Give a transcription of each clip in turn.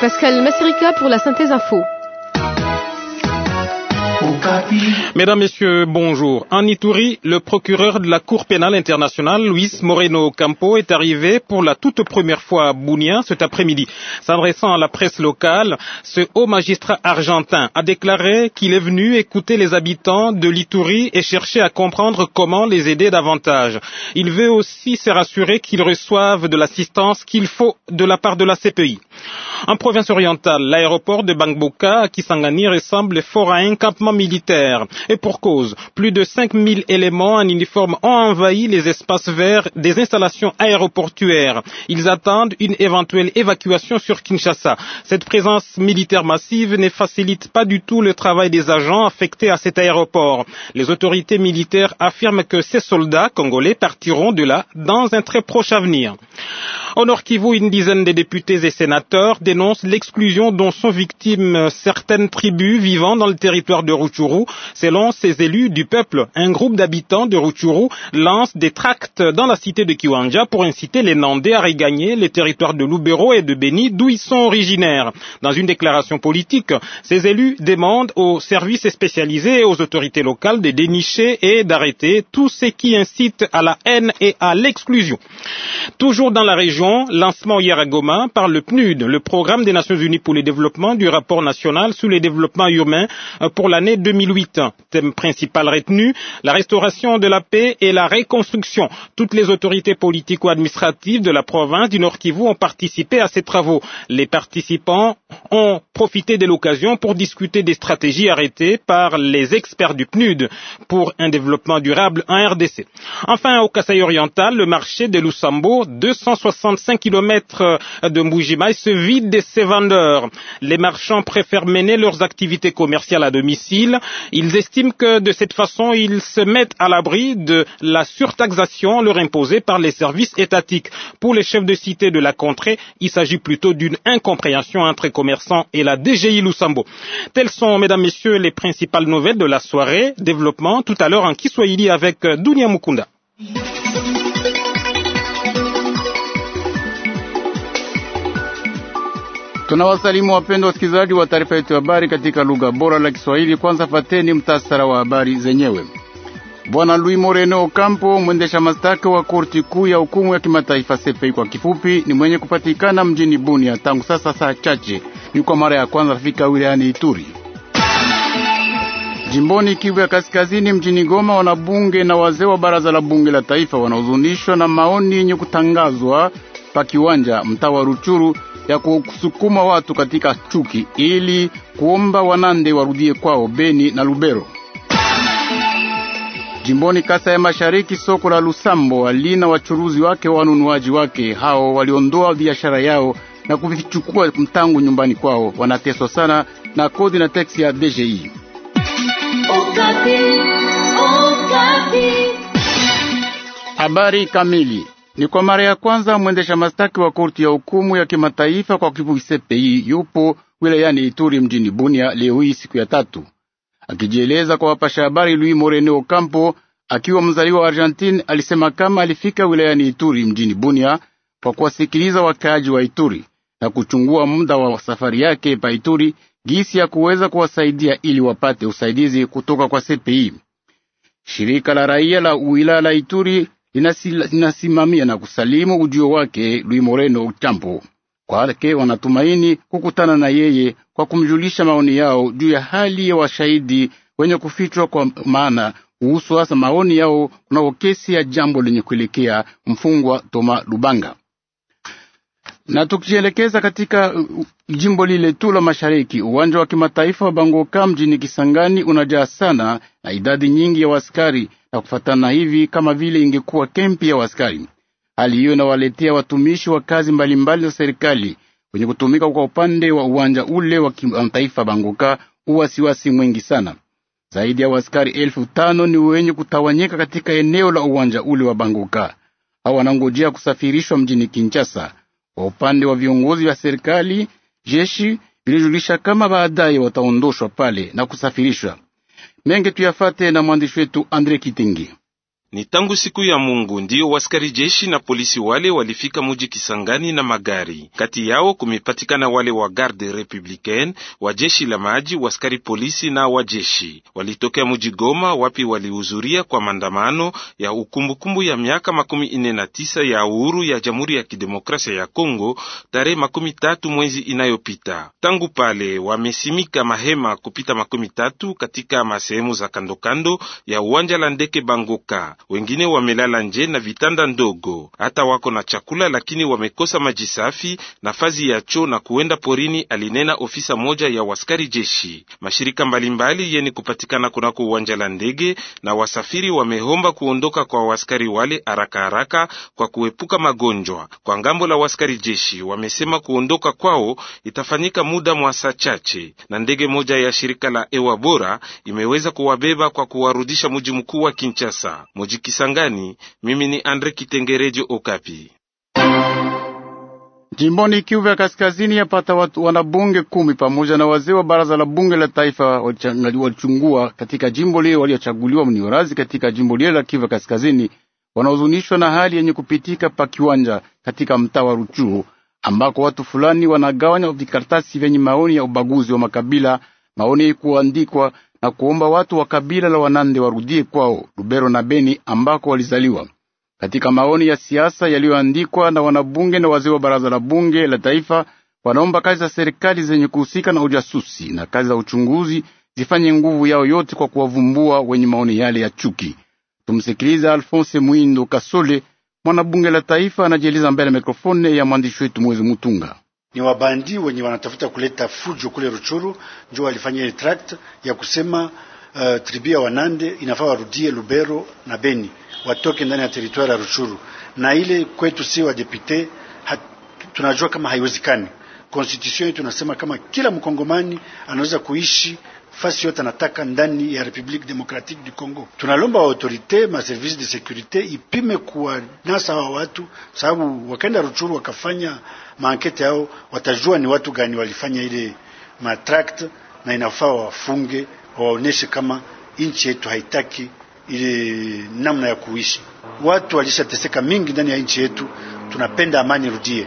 Pascal Masserica pour la synthèse info. Mesdames, Messieurs, bonjour. En Ituri, le procureur de la Cour pénale internationale, Luis Moreno Campo, est arrivé pour la toute première fois à Bounia cet après-midi. S'adressant à la presse locale, ce haut magistrat argentin a déclaré qu'il est venu écouter les habitants de l'Ituri et chercher à comprendre comment les aider davantage. Il veut aussi se rassurer qu'ils reçoivent de l'assistance qu'il faut de la part de la CPI. En province orientale, l'aéroport de Bangboka, à Kisangani, ressemble fort à un campement militaire et pour cause, plus de 5000 éléments en uniforme ont envahi les espaces verts des installations aéroportuaires. Ils attendent une éventuelle évacuation sur Kinshasa. Cette présence militaire massive ne facilite pas du tout le travail des agents affectés à cet aéroport. Les autorités militaires affirment que ces soldats congolais partiront de là dans un très proche avenir. Au Nord Kivu, une dizaine de députés et sénateurs dénoncent l'exclusion dont sont victimes certaines tribus vivant dans le territoire de Ruchu. Selon ces élus du peuple, un groupe d'habitants de Rutshuru lance des tracts dans la cité de Kiwanja pour inciter les Nandais à regagner les territoires de Lubero et de Beni d'où ils sont originaires. Dans une déclaration politique, ces élus demandent aux services spécialisés et aux autorités locales de dénicher et d'arrêter tout ce qui incite à la haine et à l'exclusion. Toujours dans la région, lancement hier à Goma par le PNUD, le programme des Nations Unies pour le développement du rapport national sur les développements humain euh, pour l'année 2008. thème principal retenu, la restauration de la paix et la reconstruction. Toutes les autorités politiques ou administratives de la province du Nord Kivu ont participé à ces travaux. Les participants ont profité de l'occasion pour discuter des stratégies arrêtées par les experts du PNUD pour un développement durable en RDC. Enfin, au Kassai oriental, le marché de Lusambo, 265 km de Mujimaï se vide de ses vendeurs. Les marchands préfèrent mener leurs activités commerciales à domicile. Ils estiment que de cette façon, ils se mettent à l'abri de la surtaxation leur imposée par les services étatiques. Pour les chefs de cité de la contrée, il s'agit plutôt d'une incompréhension entre commerçants et la DGI Lusambo. Telles sont, mesdames, messieurs, les principales nouvelles de la soirée. Développement tout à l'heure en Kiswahili avec euh, Dunia Mukunda. Tunawasalimu wapendwa wasikilizaji wa taarifa yetu ya habari katika lugha bora la Kiswahili. Kwanza fateni mtasara wa habari zenyewe. Bwana Louis Moreno Ocampo, mwendesha mashtaka wa korti kuu ya hukumu ya kimataifa CPI kwa kifupi, ni mwenye kupatikana mjini Bunia tangu sasa saa chache. Ni kwa mara ya kwanza afika wilayani Ituri. Jimboni Kivu ya Kaskazini, mjini Goma, wanabunge na wazee wa baraza la bunge la taifa wanahuzunishwa na maoni yenye kutangazwa pa kiwanja mtaa wa Ruchuru ya kusukuma watu katika chuki ili kuomba Wanande warudie kwao Beni na Lubero. Jimboni Kasa ya Mashariki, soko la Lusambo alina wachuruzi wake wa wanunuaji wake. Hao waliondoa biashara yao na kuvichukua mtangu nyumbani kwao, wanateswa sana na kodi na teksi ya DGI. Habari kamili ni kwa mara ya kwanza mwendesha mashtaki wa korti ya hukumu ya kimataifa kwa kifupi CPI yupo wilayani Ituri mjini Bunia leo hii siku ya tatu, akijieleza kwa wapasha habari. louis Moreno Ocampo akiwa mzaliwa wa Argentine alisema kama alifika wilayani Ituri mjini Bunia kwa kuwasikiliza wakaaji wa Ituri na kuchungua muda wa safari yake pa Ituri gisi ya kuweza kuwasaidia ili wapate usaidizi kutoka kwa CPI. Shirika la raia la wilaya la Ituri linasimamia na kusalimu ujio wake Luis Moreno Ocampo. Kwake wanatumaini kukutana na yeye kwa kumjulisha maoni yao juu ya hali ya washahidi wenye kufichwa, kwa maana kuhusu hasa maoni yao kunao kesi ya jambo lenye kuelekea mfungwa Toma Lubanga. Na tukijielekeza katika uh, jimbo lile tu la mashariki, uwanja wa kimataifa wa Bangoka mjini Kisangani unajaa sana na idadi nyingi ya waskari, na kufatana hivi kama vile ingekuwa kempi ya waskari. Hali hiyo inawaletea watumishi wa kazi mbalimbali za serikali kwenye kutumika kwa upande wa uwanja ule wa kimataifa Bangoka uwasiwasi mwingi sana. Zaidi ya waskari elfu tano ni wenye kutawanyika katika eneo la uwanja ule wa Bangoka. Hawa wanangojea kusafirishwa mjini Kinshasa. Kwa upande wa viongozi wa serikali, jeshi vilijulisha kama baadaye wataondoshwa pale na kusafirishwa. Mengi tuyafate na mwandishi wetu Andre Kitingi. Ni tangu siku ya Mungu ndiyo waskari jeshi na polisi wale walifika muji Kisangani na magari. Kati yao kumepatikana wale wa garde republicaine wa jeshi la maji, waskari polisi na wa jeshi walitokea muji Goma, wapi walihudhuria kwa maandamano ya ukumbukumbu ya miaka makumi ine na tisa ya uhuru ya Jamhuri ya Kidemokrasia ya congo tarehe makumi tatu mwezi inayopita. Tangu pale wamesimika mahema kupita makumi tatu katika masehemu za kandokando ya uwanja la ndeke Bangoka wengine wamelala nje na vitanda ndogo. Hata wako na chakula, lakini wamekosa maji safi, nafasi ya choo na kuenda porini, alinena ofisa moja ya waskari jeshi. Mashirika mbalimbali yeni kupatikana kunako uwanja la ndege na wasafiri wamehomba kuondoka kwa waskari wale haraka haraka kwa kuepuka magonjwa. Kwa ngambo la waskari jeshi wamesema kuondoka kwao itafanyika muda mwa saa chache, na ndege moja ya shirika la Ewa Bora imeweza kuwabeba kwa kuwarudisha mji mkuu wa Kinshasa muji Kisangani. Mimi ni Andre Kitengerejo, Okapi. Jimboni Kivu ya Kaskazini, yapata watu wanabunge kumi pamoja na wazee wa baraza la bunge la taifa walichungua katika jimbo lile waliochaguliwa mniorazi katika jimbo lile la Kivu ya Kaskazini, wanaozunishwa na hali yenye kupitika pa kiwanja katika mtaa wa Ruchuru ambako watu fulani wanagawanya vikaratasi vyenye maoni ya ubaguzi wa makabila, maoni kuandikwa na kuomba watu wa kabila la Wanande warudie kwao Lubero na Beni ambako walizaliwa. Katika maoni ya siasa yaliyoandikwa na wanabunge na wazee wa baraza la bunge la taifa, wanaomba kazi za serikali zenye kuhusika na ujasusi na kazi za uchunguzi zifanye nguvu yao yote kwa kuwavumbua wenye maoni yale ya chuki. Tumsikiliza Alphonse Mwindo Kasole, mwanabunge la taifa, anajieleza mbele ya mikrofone ya mwandishi wetu Mwezi Mutunga ni wabandi wenye wanatafuta kuleta fujo kule Ruchuru, njo walifanya ile tract ya kusema uh, tribia wanande inafaa warudie Lubero na Beni, watoke ndani ya teritwari ya Ruchuru. Na ile kwetu si wa tunajua kama haiwezekani. Constitution yetu tunasema kama kila mkongomani anaweza kuishi fasi yote anataka ndani ya Republique Democratique du Congo. Tunalomba autorite ma service de securite ipime kuwa nasa hawa watu, sababu wakaenda Ruchuru wakafanya maankete yao, watajua ni watu gani walifanya ile matract, na inafaa wafunge, waoneshe kama nchi yetu haitaki ile namna ya kuishi. Watu walishateseka mingi ndani ya nchi yetu, tunapenda amani rudie.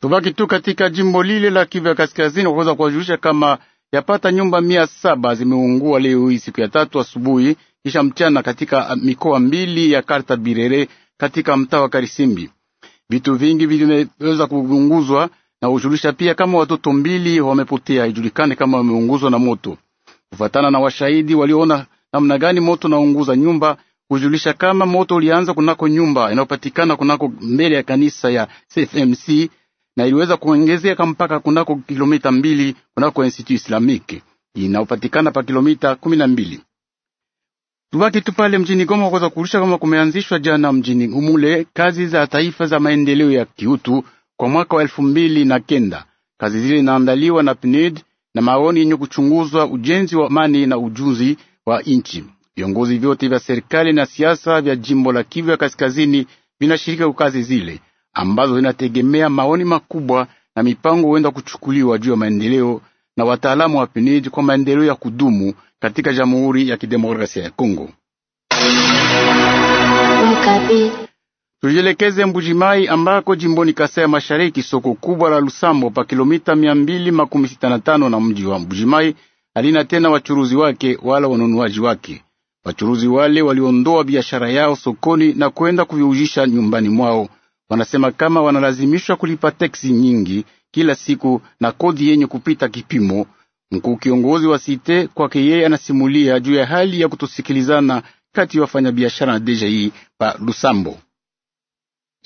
Tubaki tu katika jimbo lile la Kivu ya Kaskazini kuweza kuwajulisha kama yapata nyumba mia saba zimeungua leo hii siku ya tatu asubuhi kisha mchana katika ah, mikoa mbili ya Karta Birere katika mtaa wa Karisimbi. Vitu vingi vimeweza kuunguzwa na hujulisha pia kama watoto mbili wamepotea, ijulikane kama wameunguzwa na moto. Kufatana na washahidi waliona namna gani moto naunguza nyumba, hujulisha kama moto ulianza kunako nyumba inayopatikana kunako mbele ya kanisa ya CFMC na iliweza kuongezeka mpaka kunako kilomita mbili kunako Institut Islamique inaopatikana pa kilomita kumi na mbili. Tubaki tu pale mjini Goma kuweza kurusha kama kumeanzishwa jana mjini humule kazi za taifa za maendeleo ya kiutu kwa mwaka wa elfu mbili na kenda. Kazi zile inaandaliwa na PNUD e na maoni yenye kuchunguzwa ujenzi wa amani na ujuzi wa nchi. Viongozi vyote vya serikali na siasa vya jimbo la Kivu ya kaskazini vinashirika kwa kazi zile ambazo zinategemea maoni makubwa na mipango huenda kuchukuliwa juu ya maendeleo na wataalamu wa PNUD kwa maendeleo ya kudumu katika Jamhuri ya Kidemokrasia ya Kongo. Tujielekeze Mbujimai ambako jimboni Kasai ya Mashariki, soko kubwa la Lusambo pa kilomita 265 na mji wa Mbujimai halina tena wachuruzi wake wala wanunuaji wake. Wachuruzi wale waliondoa biashara yao sokoni na kwenda kuviujisha nyumbani mwao wanasema kama wanalazimishwa kulipa teksi nyingi kila siku na kodi yenye kupita kipimo. Mkuu kiongozi wa site kwake yeye anasimulia juu ya hali ya kutosikilizana kati ya wafanyabiashara na deja hii pa Lusambo.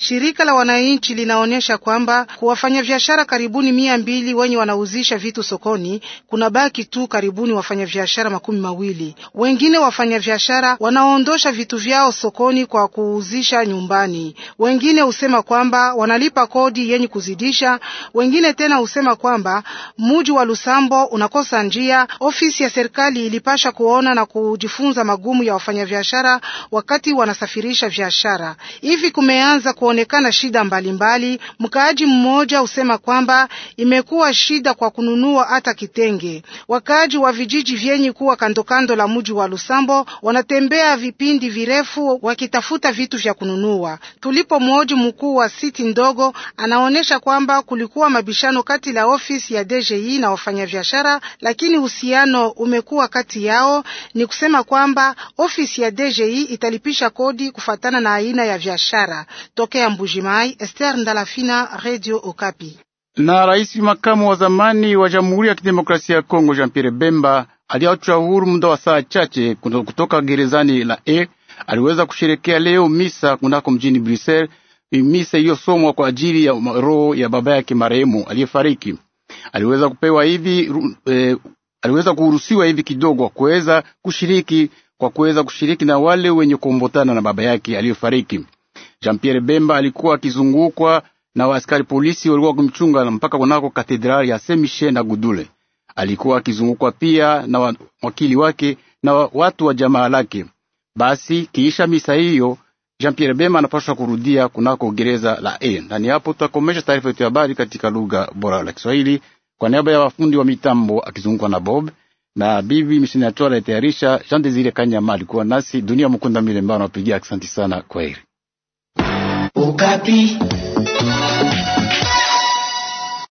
Shirika la wananchi linaonyesha kwamba wafanyabiashara karibuni mia mbili wenye wanauzisha vitu sokoni, kuna baki tu karibuni wafanyabiashara makumi mawili. Wengine wafanyabiashara wanaondosha vitu vyao sokoni kwa kuuzisha nyumbani, wengine husema kwamba wanalipa kodi yenye kuzidisha, wengine tena husema kwamba muji wa Lusambo unakosa njia. Ofisi ya serikali ilipasha kuona na kujifunza magumu ya wafanyabiashara wakati wanasafirisha biashara. Hivi kumeanza kuona kuonekana shida mbalimbali. Mkaaji mmoja usema kwamba imekuwa shida kwa kununua hata kitenge. Wakaaji wa vijiji vyenye kuwa kandokando la mji wa Lusambo wanatembea vipindi virefu wakitafuta vitu vya kununua. Tulipo mmoja mkuu wa siti ndogo anaonyesha kwamba kulikuwa mabishano kati la ofisi ya DGI na wafanyabiashara, lakini uhusiano umekuwa kati yao ni kusema kwamba ofisi ya DGI italipisha kodi kufatana na aina ya biashara. Tokea Mbujimai, Esther Ndalafina, Radio Okapi. Na rais makamu wa zamani wa Jamhuri ya Kidemokrasia ya Kongo Jean Pierre Bemba aliachwa huru muda wa saa chache kutoka gerezani la E. Aliweza kusherekea leo misa kunako mjini Brussels, misa iliyosomwa kwa ajili ya roho ya baba yake marehemu aliyefariki. Aliweza kupewa hivi e, aliweza kuruhusiwa hivi kidogo kuweza kushiriki kwa kuweza kushiriki na wale wenye kuombotana na baba yake aliyofariki. Jean Pierre Bemba alikuwa akizungukwa na waaskari polisi walikuwa kumchunga mpaka kunako katedrali ya Saint Michel na Gudule. Alikuwa akizungukwa pia na wakili wake na watu wa jamaa lake. Basi kiisha misa hiyo, Jean Pierre Bemba anapaswa kurudia kunako gereza la A. Ndani hapo tutakomesha taarifa yetu ya habari katika lugha bora la Kiswahili kwa niaba ya wafundi wa mitambo akizungukwa na Bob na bibi mishini atoa anayetayarisha Jean Desire Kanyama alikuwa nasi dunia mkunda milembao anapigia. Asante sana, kwa kwaheri. Ukapi.